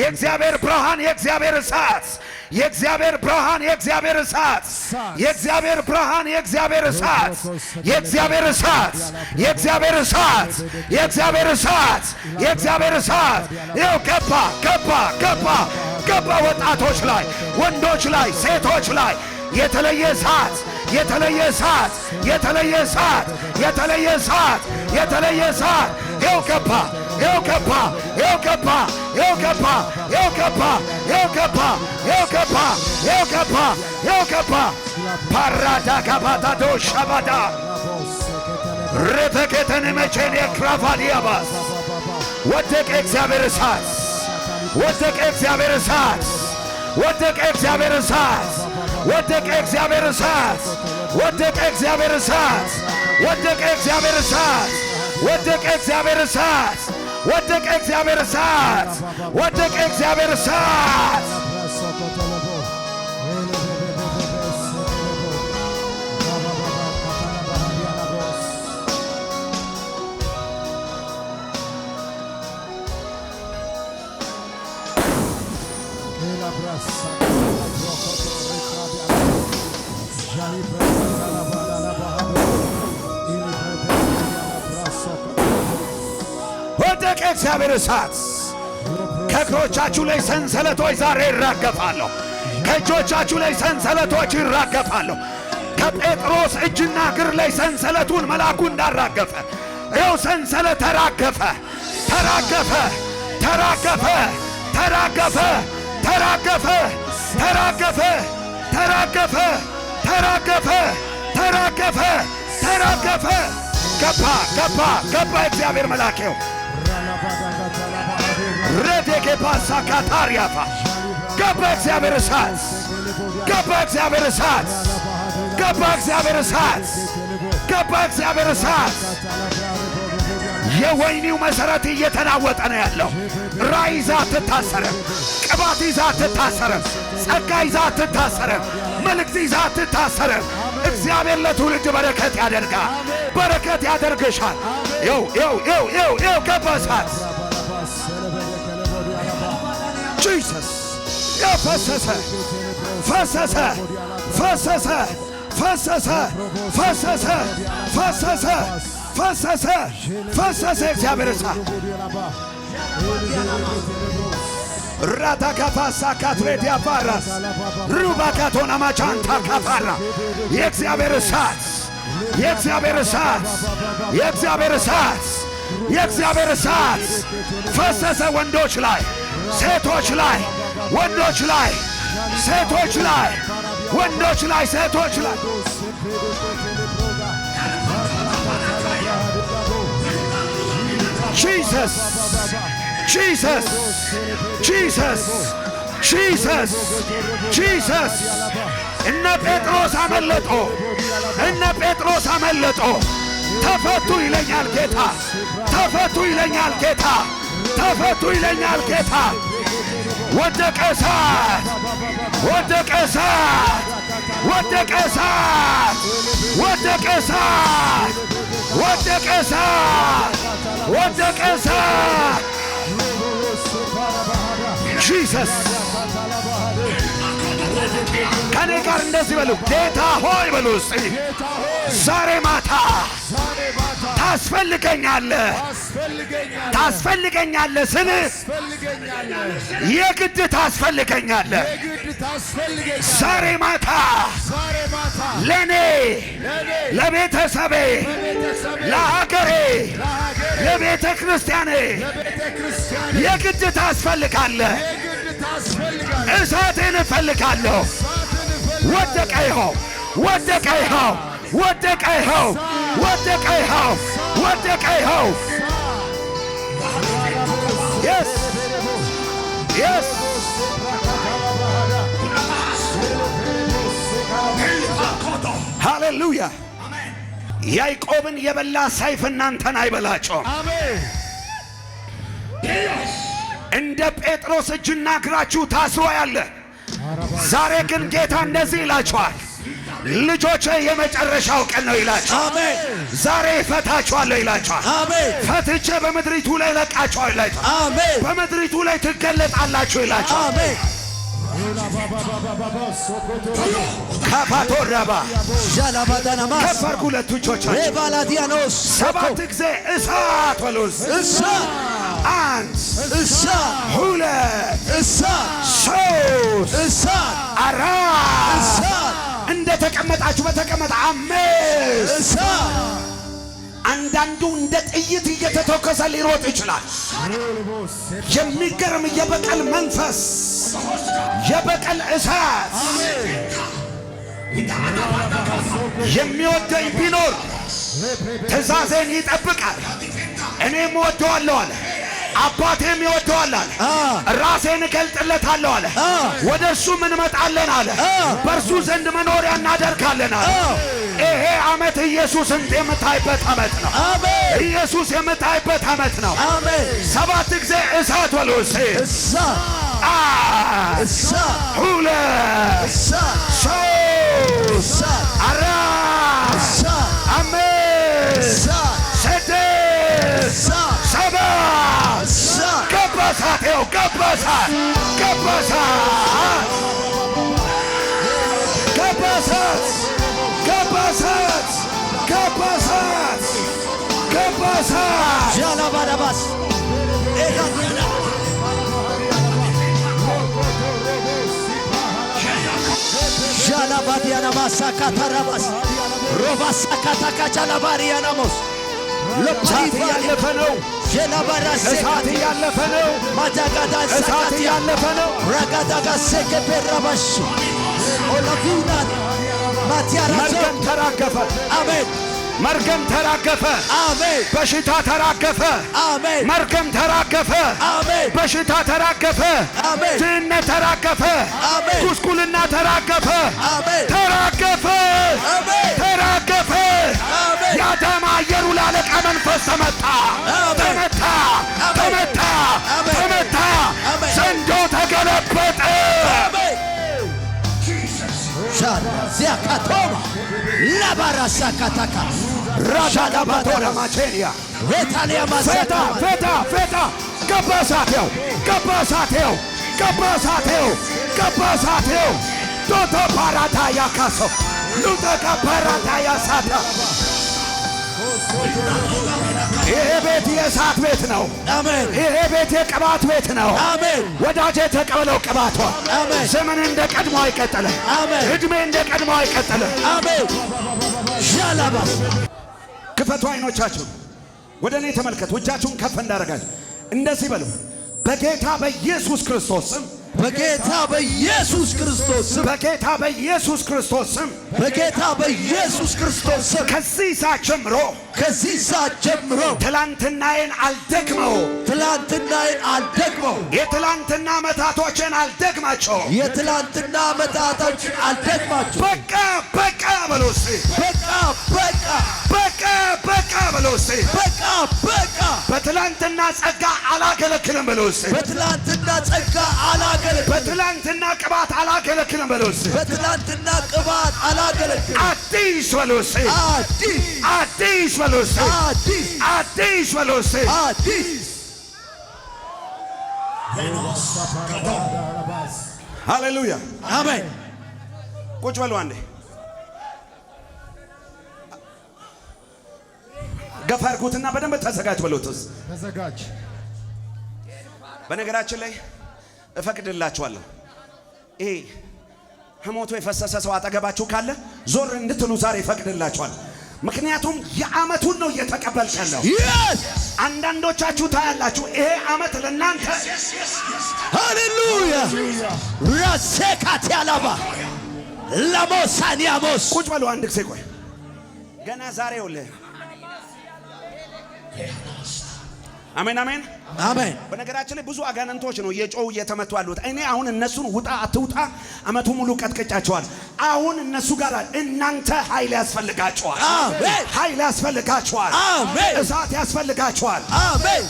የእግዚአብሔር ብርሃን የእግዚአብሔር እሳት የእግዚአብሔር ብርሃን የእግዚአብሔር እሳት የእግዚአብሔር ብርሃን የእግዚአብሔር እሳት የእግዚአብሔር እሳት የእግዚአብሔር እሳት የእግዚአብሔር እሳት የእግዚአብሔር እሳት ይኸው ገባ ገባ ገባ ገባ ወጣቶች ላይ ወንዶች ላይ ሴቶች ላይ የተለየ እሳት የተለየ እሳት የተለየ እሳት የተለየ እሳት የተለየ እሳት ይኸው ገባ ይኸው ገባ፣ ይኸው ገባ፣ ይኸው ገባ፣ ይኸው ገባ፣ ይኸው ገባ፣ ይኸው ገባ፣ ይኸው ገባ፣ ይኸው ገባ። ፓራዳ ጋባታዶ ሻባዳ ርተኬተን መቼን የክራፋዲያባስ ወደቀ እግዚአብሔር እሳት ወደቀ እግዚአብሔር እሳት ወደቀ እግዚአብሔር እሳት ወደቀ እግዚአብሔር እሳት ወደቀ እግዚአብሔር እሳት ወደቀ እግዚአብሔር እሳት ወደቀ እግዚአብሔር እሳት ወደቀ እግዚአብሔር እሳት ወደቀ እግዚአብሔር እሳት የደቀ እግዚአብሔር እሳት ከእግሮቻችሁ ላይ ሰንሰለቶች ዛሬ ይራገፋለሁ። ከእጆቻችሁ ላይ ሰንሰለቶች ይራገፋለሁ። ከጴጥሮስ እጅና እግር ላይ ሰንሰለቱን መልአኩ እንዳራገፈ ይኸው ሰንሰለት ተራገፈ፣ ተራገፈ፣ ተራገፈ፣ ተራገፈ፣ ተራገፈ፣ ተራገፈ፣ ተራገፈ፣ ተራገፈ፣ ተራገፈ፣ ተራገፈ። ገባ፣ ገባ፣ ገባ። እግዚአብሔር መልአኬው ኬፓሳ ካታሪያፋ ገባ እግዚአብሔር እሳት ገባ እግዚአብሔር እሳት ገባ እግዚአብሔር እሳት ገባ እግዚአብሔር እሳት። የወይኒው መሠረት እየተናወጠ ነው ያለው። ራ ይዛ አትታሰርም። ቅባት ይዛ አትታሰርም። ጸጋ ይዛ አትታሰርም። መልእክት ይዛ አትታሰርም። እግዚአብሔር ለትውልድ በረከት ያደርጋል። በረከት ያደርግሻል። ው ው ው ው ገባ እሳት ጂሰስ ፈሰሰ ፈሰሰ ፈሰሰ ፈሰሰ ፈሰሰ ፈሰሰ ፈሰሰ ፈሰሰ እግዚአብሔር ሳ ካፋሳ ካትሬት ያፋራስ ሩባካቶና ማቻንታ ካፋራ የእግዚአብሔር እሳት የእግዚአብሔር እሳት የእግዚአብሔር እሳት የእግዚአብሔር እሳት ፈሰሰ ወንዶች ላይ ሴቶች ላይ ወንዶች ላይ ሴቶች ላይ ወንዶች ላይ ሴቶች ላይ ጂሰስ ጂሰስ ጂሰስ ጂሰስ ጂሰስ እነ ጴጥሮስ አመለጦ እነ ጴጥሮስ አመለጦ ተፈቱ ይለኛል ጌታ ተፈቱ ይለኛል ጌታ ተፈቱ ይለኛል ጌታ። ወደቀ እሳት፣ ወደቀ እሳት፣ ወደቀ እሳት፣ ወደቀ እሳት፣ ወደቀ እሳት፣ ወደቀ እሳት ጂሰስ ከኔ ጋር እንደዚህ በሉ፣ ጌታ ሆይ በሉ። ዛሬ ማታ ታስፈልገኛለህ፣ ታስፈልገኛለህ ስል የግድ ታስፈልገኛለህ። ዛሬ ማታ ለእኔ፣ ለቤተሰቤ፣ ለሀገሬ፣ ለቤተ ክርስቲያኔ የግድ ታስፈልጋለህ። እሳቴን እፈልጋለሁ። ወደቀ ይኸው ወደቀ ይኸው ወደቀ ይኸው ወደቀ ይኸው ወደቀ ይኸው ሃሌሉያ ያዕቆብን የበላ ሰይፍ እናንተን አይበላቸውም። እንደ ጴጥሮስ እጅና እግራችሁ ታስሮ ያለ ዛሬ ግን ጌታ እንደዚህ ይላችኋል፣ ልጆች የመጨረሻው ቀን ነው ይላችኋል። አሜን። ዛሬ እፈታችኋለሁ ይላችኋል። ፈትቼ በምድሪቱ ላይ ለቃችኋለሁ ይላችኋል። በምድሪቱ ላይ ትገለጣላችሁ ይላችኋል። አሜን። ካፓቶራባ ጃላባዳናማ ከፈርኩ ለቱቾቻችሁ ሰባት ጊዜ እሳት ወሎስ እሳት አንድ እሳ ሁለት እሳ ሶስት እሳ አራት እሳ እንደ ተቀመጣችሁ በተቀመጠ አምስት እሳ አንዳንዱ እንደ ጥይት እየተተኮሰ ሊሮጥ ይችላል። የሚገርም የበቀል መንፈስ፣ የበቀል እሳት የሚወደኝ ቢኖር ትእዛዜን ይጠብቃል፣ እኔም ወደዋለሁ አለ። አባቴም ይወደዋል አለ። ራሴን እገልጥለታለሁ አለ። ወደ እርሱ እንመጣለን አለ። በእርሱ ዘንድ መኖሪያ እናደርጋለን አለ። ይሄ ዓመት ኢየሱስ የምታይበት ዓመት ነው። አሜን። ኢየሱስ የምታይበት ዓመት ነው። አሜን። ሰባት ጊዜ እሳት እሳ አ እሳ ሁለ እሳ ሶ እሳ በለው ገባሳ ገባሳ ገባሳት ገባሳት ገባሳት ገባሳት ዣላባዳባስ ዣላባዲያናባሳ ካታራባስ ሮባሳ ካታካቻላባሪያናሞስ እሳት እያለፈ ነው። እሳት እያለፈ ነው። እሳት እያለፈ ነው። መርገም ተራገፈ። አሜን። መርገም ተራገፈ። አሜን። በሽታ ተራገፈ። አሜን። መርገም ተራገፈ። አሜን። በሽታ ተራገፈ። አሜን። ድህነት ተራገፈ። አሜን። ጉስቁልና ተራገፈ። አሜን። ተራገፈ። አሜን። ከተማ አየሩ ላለቀ መንፈስ ተመታ ተመታ ተመታ ተመታ። ዘንዶ ተገለበጠ። ዚያካቶማ ለባራ ካታካ ራዳዳባቶራማቼንያ ዌታሊያ ማፌታ ፌታ ፌታ ገባ ሳቴው ገባ ሳቴው ገባ ሳቴው ገባ ሳቴው ዶቶ ፓራታ ያካሶ ሉጠቃ ፓራታ ያሳታ ይሄ ቤት የእሳት ቤት ነው። ይሄ ቤት የቅባት ቤት ነው። ወዳጄ ተቀበለው ቅባቷ። ዘመን እንደ ቀድሞ አይቀጥልም። ዕድሜ እንደ ቀድሞ አይቀጥልም። ክፈቱ አይኖቻችሁን፣ ወደ እኔ ተመልከቱ። እጃችሁን ከፍ እንዳረጋችሁ እንደዚህ በሉ። በጌታ በኢየሱስ ክርስቶስ ስም በጌታ በኢየሱስ ክርስቶስ ስም በጌታ በኢየሱስ ክርስቶስ ስም በጌታ በኢየሱስ ክርስቶስ ስም ከዚህ ሰዓት ጀምሮ ከዚህ ሰዓት ጀምሮ ትላንትናዬን አልደግመው ትላንትናዬን አልደግመው የትላንትና መታቶችን አልደግማቸው የትላንትና መታቶችን አልደግማቸው በቃ በቃ በሎስ በቃ በቃ በቃ በቃ በለው እስቲ በቃ በቃ። በትላንትና ጸጋ አላገለክልም በለው በትላንትና ጸጋ አላገለክልም። በትላንትና ቅባት አላገለክልም በለው እስቲ በትላንትና ቅባት አላገለክልም። አዲስ በለው እስቲ አዲስ አዲስ በለው አዲስ አዲስ በለው አዲስ ሃሌሉያ አሜን። ቁጭ በሉ አንዴ ገፋ አድርጉትና በደንብ ተዘጋጅ በሎትስ ተዘጋጅ። በነገራችን ላይ እፈቅድላችኋለሁ ይሄ ህሞቱ የፈሰሰ ሰው አጠገባችሁ ካለ ዞር እንድትሉ ዛሬ ይፈቅድላችኋል። ምክንያቱም የአመቱን ነው እየተቀበልሽ አንዳንዶቻችሁ ታያላችሁ፣ ይሄ አመት ለእናንተ ሃሌሉያ ረሴካት ያላባ ለሞሳኒያሞስ ቁጭ በሉ አንድ ጊዜ ቆይ ገና ዛሬ ውልህ አሜን አሜን አሜን። በነገራችን ላይ ብዙ አጋንንቶች ነው የጮው እየተመቱ አሉት። እኔ አሁን እነሱን ውጣ አትውጣ አመቱ ሙሉ ቀጥቅጫቸዋል። አሁን እነሱ ጋር እናንተ ኃይል ያስፈልጋቸዋል። አሜን። ኃይል ያስፈልጋቸዋል። አሜን። እሳት ያስፈልጋቸዋል። አሜን።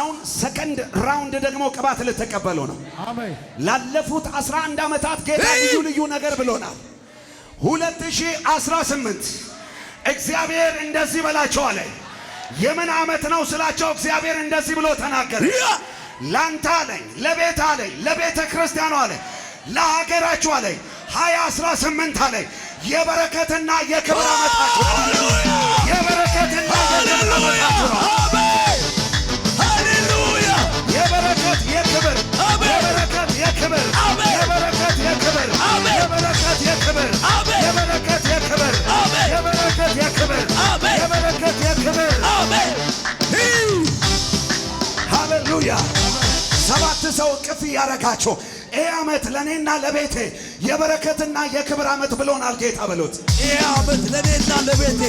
አሁን ሰከንድ ራውንድ ደግሞ ቅባት ልትቀበሉ ነው። አሜን። ላለፉት 11 ዓመታት ጌታ ልዩ ልዩ ነገር ብሎናል። 2018 እግዚአብሔር እንደዚህ በላቸው አለ። የምን ዓመት ነው ስላቸው እግዚአብሔር እንደዚህ ብሎ ተናገረ። ላንተ አለኝ፣ ለቤት አለኝ፣ ለቤተ ክርስቲያኑ አለ፣ ለሀገራችሁ አለ። ሀያ አስራ ስምንት አለ። የበረከትና የክብር ዓመታችሁ ናቸው። የበረከትና የክብር ዓመታችሁ ነው። የበረከት የክብር የበረከት የክብር የበረከት የክብር ሃሌሉያ። ሰባት ሰው ቅፍ ያረጋችሁ ይህ ዓመት ለእኔና ለቤቴ የበረከትና የክብር ዓመት ብሎናል ጌታ በሉት። ይህ ዓመት ለእኔና ለቤቴ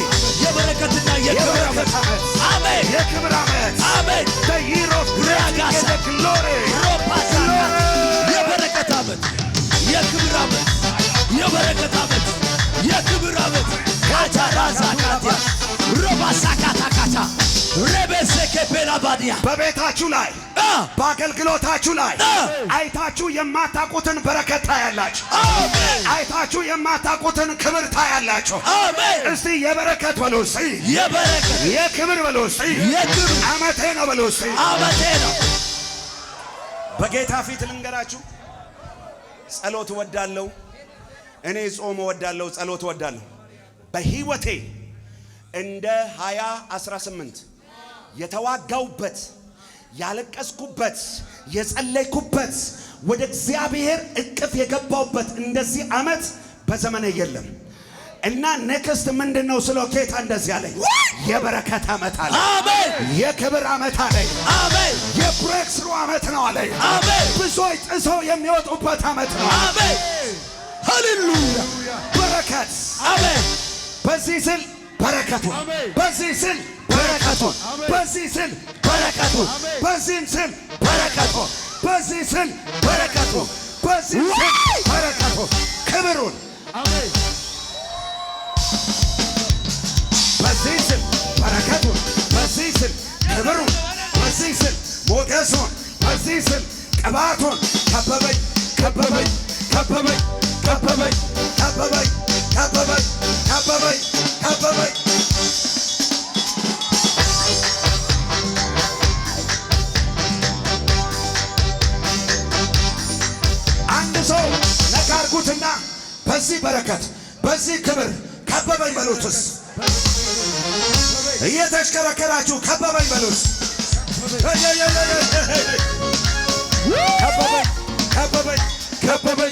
የበረከትና የክብር ዓመት አሜን፣ የክብር ዓመት አሜን። ሮፓሳ የበረከት ዓመት፣ የክብር ዓመት፣ የበረከት ዓመት፣ የክብር ዓመት ካቻ ራዛ ካቲያ ሮባሳካታካታ ረበዘከፔና በቤታችሁ ላይ በአገልግሎታችሁ ላይ አይታችሁ የማታቁትን በረከት ታያላችሁ። አይታችሁ የማታቁትን ክብር ታያላችሁ። እስቲ የበረከት በሉ የክብር በሉ አመቴ ነው በሉ እስቲ አመቴ ነው። በጌታ ፊት ልንገራችሁ፣ ጸሎት እወዳለሁ እኔ ጾም እወዳለሁ፣ ጸሎት እወዳለሁ በህይወቴ እንደ 2018 የተዋጋውበት ያለቀስኩበት የጸለይኩበት ወደ እግዚአብሔር እቅፍ የገባውበት እንደዚህ ዓመት በዘመነ የለም እና ነክስት ምንድን ነው ስለው ጌታ እንደዚህ አለኝ፣ የበረከት ዓመት አለ፣ የክብር ዓመት አለ፣ የብሬክስሩ ዓመት ነው አለ። ብዙዎች ጥሰው የሚወጡበት ዓመት ነው። ሃሌሉያ! በረከት በዚህ ስል በረከቱን በዚህ ስል በረከቱን በዚህ ስል በረከቱን በዚህ ስል በረከቱን በዚህ ስል በረከቱን በዚህ ስል በረከቱን ክብሩን በዚህ ስል በረከቱን በዚህ ስም ክብሩን በዚህ ስም ሞገሱን በዚህ ስም ቅባቱን ከበበኝ ከበበኝ ከበበኝ ከበበኝ ከበበኝ ከበበኝ በዚህ በረከት በዚህ ክብር ከበበኝ በሉትስ። እየተሽከረከራችሁ ከበበኝ በሉት። ከበበኝ ከበበኝ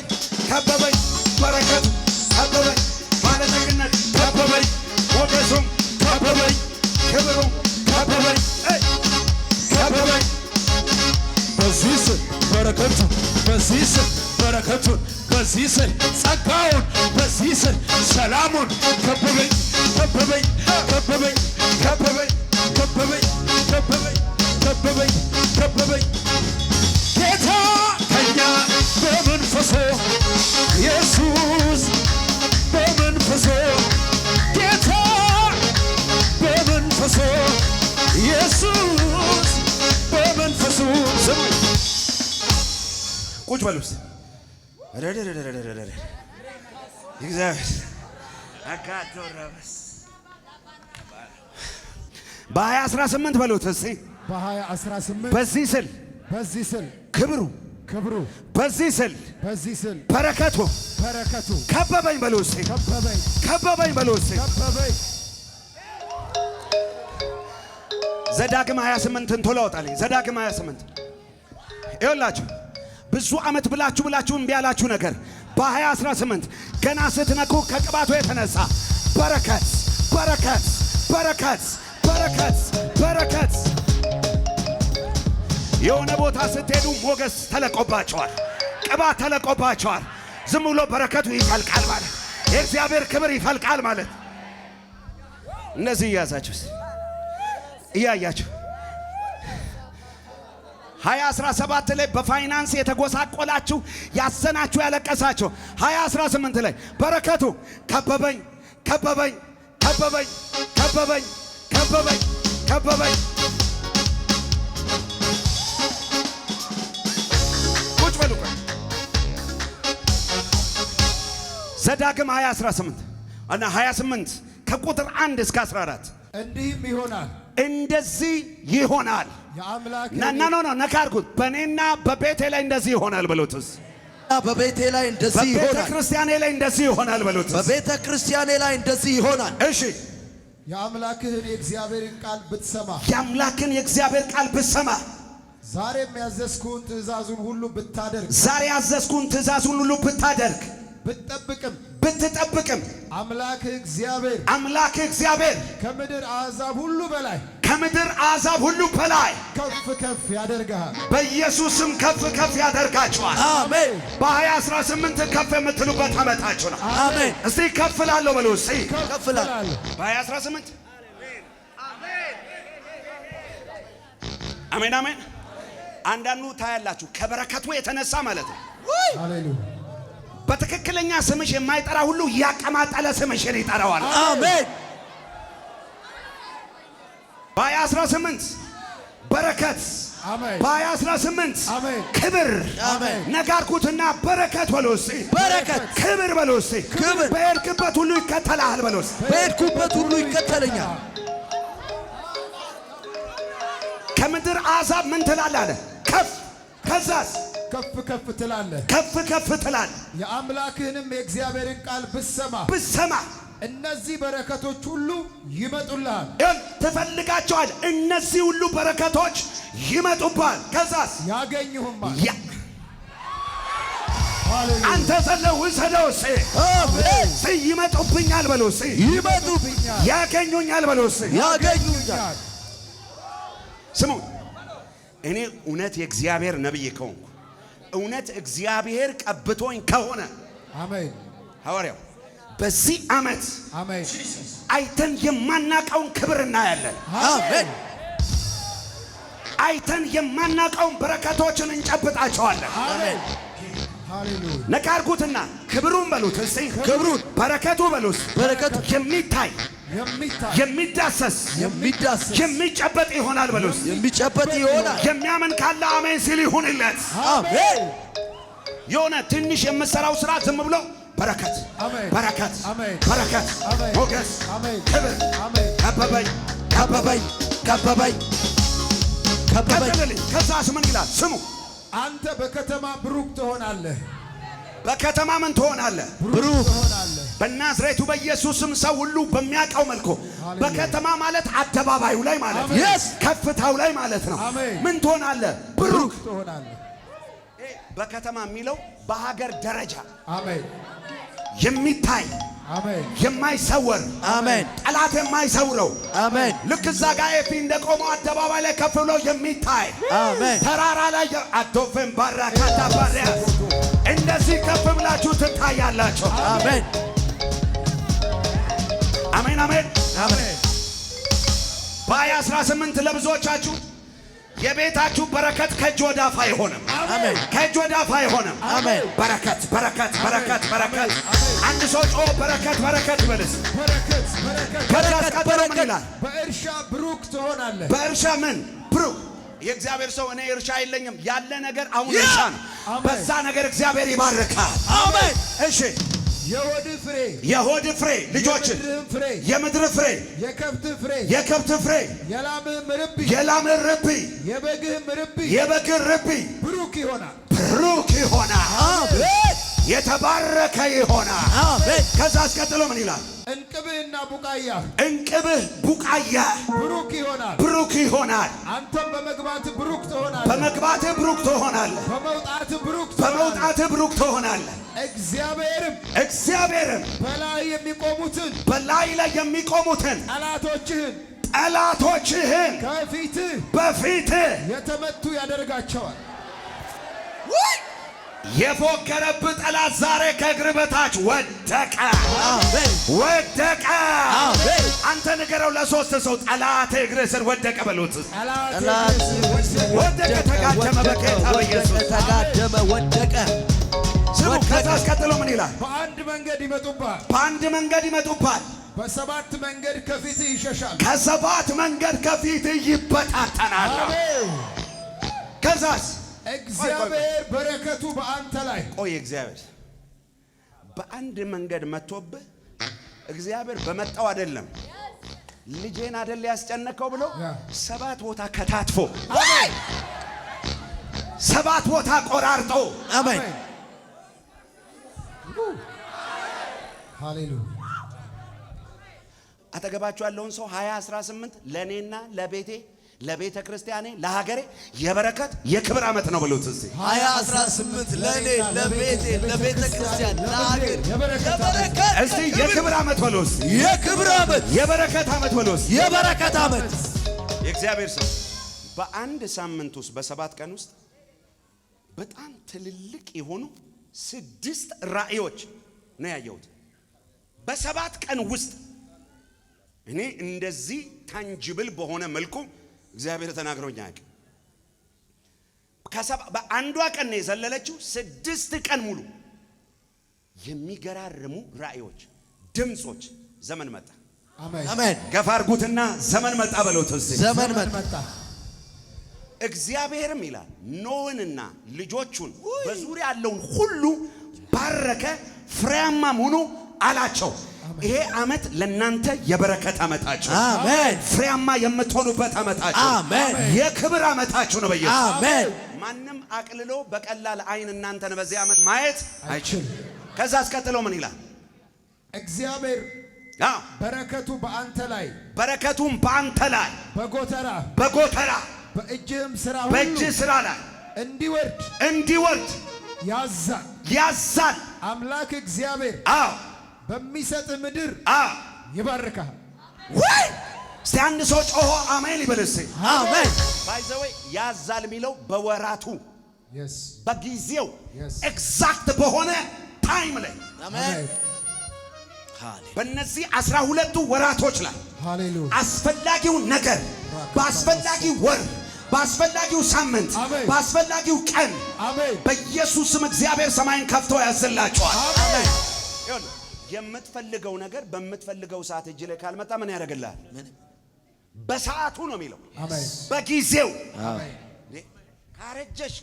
ከበበኝ በረከት ከበበኝ ባለጠግነት ከበበኝ ሞገሱም ከበበኝ ክብሩም ከበበኝ ከበበኝ በዚህ በረከቱ በዚህ በረከቱን በዚህ ስል ጸጋውን በዚህ ስል ሰላሙን ከበበኝ ከበበኝ ከበበኝ ከበበኝ ከበበኝ ከበበኝ ከበበኝ ከበበኝ ጌታ ከኛ በመንፈሶ ኢየሱስ በመንፈሶ ጌታ በመንፈሶ ኢየሱስ በመንፈሱ ቁጭ በሉስ በሀያ አስራ ስምንት በሉት እስኪ በዚህ ስል በዚህ ስል ክብሩ ክብሩ በዚህ ስል በዚህ ስል በረከቱ በረከቱ ከበበኝ በሉ እስኪ ከበበኝ ከበበኝ በሉ እስኪ ከበበኝ ዘዳግም 28ን ቶሎ አውጣልኝ። ዘዳግም 28 ይኸውላችሁ ብዙ ዓመት ብላችሁ ብላችሁ እምቢ ያላችሁ ነገር በ2018 ገና ስትነቁ ከቅባቱ የተነሳ በረከት በረከት በረከት በረከት በረከት የሆነ ቦታ ስትሄዱ ሞገስ ተለቆባቸዋል፣ ቅባት ተለቆባቸዋል። ዝም ብሎ በረከቱ ይፈልቃል ማለት የእግዚአብሔር ክብር ይፈልቃል ማለት። እነዚህ እያዛችሁ እያያችሁ ሀያ አስራ ሰባት ላይ በፋይናንስ የተጎሳቆላችሁ ያዘናችሁ ያለቀሳችሁ፣ ሀያ አስራ ስምንት ላይ በረከቱ ከበበኝ ከበበኝ ከበበኝ ከበበኝ ከበበኝ ከበበኝ። ቁጭ በሉ። ዘዳግም ሀያ አስራ ስምንት እና ሀያ ስምንት ከቁጥር አንድ እስከ አስራ አራት እንዲህም ይሆናል እንደዚህ ይሆናል ኖ ነካ አድርጉት። በእኔና በቤቴ ላይ እንደዚህ ይሆናል በሉትስ በቤቴ ላይ እንደዚህ ይሆናል። በቤተ ክርስቲያኔ ላይ እንደዚህ ይሆናል በሉት። በቤተ ክርስቲያኔ ላይ እንደዚህ ይሆናል። እሺ የአምላክህን የእግዚአብሔርን ቃል ብትሰማ የአምላክን የእግዚአብሔር ቃል ብትሰማ ዛሬም ያዘዝኩህን ትእዛዙን ሁሉ ብታደርግ ዛሬ ያዘዝኩህን ትእዛዙን ሁሉ ብታደርግ ብትጠብቅም ብትጠብቅም አምላክህ እግዚአብሔር አምላክህ እግዚአብሔር ከምድር አሕዛብ ሁሉ በላይ ከምድር አሕዛብ ሁሉ በላይ ከፍ ከፍ ያደርጋል። በኢየሱስም ከፍ ከፍ ያደርጋችኋል። አሜን። በ2018 ከፍ የምትሉበት ዓመታችሁ ነው። አሜን። እስቲ ከፍ እላለሁ በሉ። እስቲ ከፍላለሁ። በ2018 አሜን፣ አሜን። አንዳንዱ ታያላችሁ ከበረከቱ የተነሳ ማለት ነው። በትክክለኛ ስምሽ የማይጠራ ሁሉ ያቀማጠለ ስምሽን ይጠራዋል። አሜን። በሀያ አስራ ስምንት በረከት በሀያ አስራ ስምንት ክብር ነጋርኩትና በረከት በለው በረከት ክብር በለው ክብር በሄድክበት ሁሉ ይከተልሃል በለው እስኪ በሄድኩበት ሁሉ ይከተለኛል። ከምድር አሕዛብ ምን ትላለህ አለ ከፍ ከዛስ ከፍ ከፍ ትላለህ ከፍ ከፍ ትላለህ የአምላክህንም የእግዚአብሔርን ቃል ብሰማ ብሰማ እነዚህ በረከቶች ሁሉ ይመጡልሃል። ትፈልጋቸዋል። እነዚህ ሁሉ በረከቶች ይመጡብሃል። ከዛስ ያገኝሁማል። አንተ ዘለው ውሰደው ሲ ሲ ይመጡብኛል በሎ ሲ ይመጡብኛል፣ ያገኙኛል በሎ ሲ ያገኙኛል። ስሙ እኔ እውነት የእግዚአብሔር ነብይ ከሆንኩ እውነት እግዚአብሔር ቀብቶኝ ከሆነ አሜን ሐዋርያው በዚህ ዓመት አይተን የማናቀውን ክብር እናያለን። አሜን። አይተን የማናቀውን በረከቶችን እንጨብጣቸዋለን። አሜን። ነካርጉትና ክብሩን በሉት እስቲ ክብሩን በረከቱ በሉት በረከቱ የሚታይ የሚዳሰስ የሚጨበጥ ይሆናል በሉት የሚጨበጥ ይሆናል። የሚያምን ካለ አሜን ሲል ይሁንለት። አሜን። የሆነ ትንሽ የምሰራው ስራ ዝም ብሎ በረከት በረከት በረከት ሞገስ ክብር ከበበኝ ከበበኝ ከበበኝ ከበበኝ። ከዛስ ምን ይላል? ስሙ አንተ በከተማ ብሩክ ትሆናለህ። በከተማ ምን ትሆናለህ? ብሩክ በናዝሬቱ በኢየሱስ ሰው ሁሉ በሚያውቀው መልኩ በከተማ ማለት አደባባዩ ላይ ማለት ከፍታው ላይ ማለት ነው። ምን ትሆናለህ? ብሩክ ትሆናለህ። በከተማ የሚለው በሀገር ደረጃ አሜን የሚታይ የማይሰወር አሜን። ጠላት የማይሰውረው አሜን። ልክ እዛ ጋር ኤፊ እንደቆመው አደባባይ ላይ ከፍ ብሎ የሚታይ አሜን። ተራራ ላይ አቶፈን ባራ ካታባሪያ እንደዚህ ከፍ ብላችሁ ትታያላችሁ። አሜን፣ አሜን፣ አሜን፣ አሜን። በአይ 18 ለብዙዎቻችሁ የቤታችሁ በረከት ከእጅ ወደ አፍ አይሆንም። ከእጅ ወደ አፍ አይሆንም። በረከት በረከት በረከት በረከት። አንድ ሰው ጮ በረከት በረከት ይበልስ። በረከት ይላል። በእርሻ ብሩክ ትሆናለህ። በእርሻ ምን ብሩክ የእግዚአብሔር ሰው እኔ እርሻ የለኝም ያለ ነገር አሁን እርሻ ነው። በዛ ነገር እግዚአብሔር ይባርካል። አሜን። እሺ የሆድ ፍሬ ልጆችን፣ የምድር ፍሬ፣ የከብት ፍሬ፣ የላምህም ርቢ፣ የበግ ርቢ ብሩክ ይሆናል፣ ብሩክ ይሆናል፣ የተባረከ ይሆናል። ከዛ አስቀጥሎ ምን ይላል? እንቅብህና ቡቃያ እንቅብህ ቡቃያ ብሩክ ይሆናል ብሩክ ይሆናል። አንተም በመግባትህ ብሩክ ትሆናለህ፣ በመግባትህ ብሩክ ትሆናለህ፣ በመውጣትህ ብሩክ ትሆናለህ። እግዚአብሔርም እግዚአብሔርም በላይ የሚቆሙትን በላይ ላይ የሚቆሙትን ጠላቶችህን ጠላቶችህን ከፊት በፊት የተመቱ ያደርጋቸዋል። የፎከረብህ ጠላት ዛሬ ከእግር በታች ወደቀ ወደቀ። አንተ ንገረው ለሶስት ሰው ጠላት እግር ስር ወደቀ በሉት። ወደቀ፣ ተጋደመ፣ በጌታ በኢየሱስ ተጋደመ፣ ወደቀ ከዛ አስቀጥሎ ምን ይላል? በአንድ መንገድ ይመጡባል፣ በአንድ መንገድ ይመጡባል፣ በሰባት መንገድ ከፊት ይሸሻል፣ ከሰባት መንገድ ከፊት ይበታተናል። ከዛስ እግዚአብሔር በረከቱ በአንተ ላይ ቆይ። እግዚአብሔር በአንድ መንገድ መጥቶብህ እግዚአብሔር በመጣው አይደለም ልጄን አይደል ያስጨነቀው ብሎ ሰባት ቦታ ከታትፎ ሰባት ቦታ ቆራርጦ አሜን ሃሌሉያ። አጠገባችሁ ያለውን ሰው 2018 ለእኔና ለቤቴ ለቤተ ክርስቲያኔ ለሀገሬ የበረከት የክብር ዓመት ነው 2018 ለቤቴ ለቤተ ክርስቲያን ለሀገሬ የበረከት እስቲ የክብር ዓመት በሉት። የክብር ዓመት የበረከት ዓመት የበረከት ዓመት የእግዚአብሔር ሰው በአንድ ሳምንት ውስጥ በሰባት ቀን ውስጥ በጣም ትልልቅ የሆኑ ስድስት ራእዮች ነው ያየሁት በሰባት ቀን ውስጥ። እኔ እንደዚህ ታንጅብል በሆነ መልኩ እግዚአብሔር ተናግሮኝ አያውቅም። በአንዷ ቀን ነው የዘለለችው፣ ስድስት ቀን ሙሉ የሚገራርሙ ራእዮች፣ ድምፆች። ዘመን መጣ። አሜን። ገፋ አድርጉትና ዘመን መጣ በሎት። ዘመን መጣ። እግዚአብሔርም ይላል ኖህንና ልጆቹን በዙሪያ ያለውን ሁሉ ባረከ፣ ፍሬያማም ሁኑ አላቸው። ይሄ አመት ለናንተ የበረከት አመታችሁ፣ አሜን። ፍሬያማ የምትሆኑበት አመታችሁ፣ አሜን። የክብር አመታችሁ ነው በኢየሱስ አሜን። ማንም አቅልሎ በቀላል አይን እናንተን በዚህ አመት ማየት አይችልም። ከዛ አስቀጥሎ ምን ይላል እግዚአብሔር በረከቱ በአንተ ላይ በረከቱም በአንተ ላይ በጎተራ በጎተራ በእጅህም ሥራ ሁሉ በእጅህ ላይ እንዲወርድ እንዲወርድ ያዛል ያዛል። አምላክ እግዚአብሔር አዎ በሚሰጥ ምድር አዎ ይባርካል። ወይ እስቲ አንድ ሰው ጮሆ አሜን ይበልስ። አሜን ባይዘወይ ያዛል የሚለው በወራቱ በጊዜው ኤግዛክት በሆነ ታይም ላይ በእነዚህ አስራ ሁለቱ ወራቶች ላይ አስፈላጊውን ነገር በአስፈላጊ ወር በአስፈላጊው ሳምንት፣ በአስፈላጊው ቀን በኢየሱስ ስም እግዚአብሔር ሰማይን ከፍቶ ያዝላቸዋል። የምትፈልገው ነገር በምትፈልገው ሰዓት እጅ ላይ ካልመጣ ምን ያደርግልሃል? በሰዓቱ ነው የሚለው፣ በጊዜው ካረጀሽ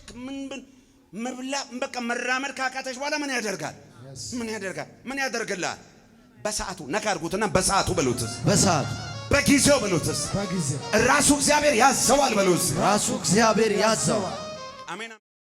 ምን በቃ መራመድ ካቃተሽ በኋላ ምን ያደርጋል? ምን ያደርጋል? ምን ያደርግልሃል? በሰዓቱ ነካ አድርጉትና፣ በሰዓቱ በሉት፣ በሰዓቱ በጊዜው በሉትስ ራሱ እግዚአብሔር ያዘዋል በሉት ራሱ እግዚአብሔር ያዘዋል።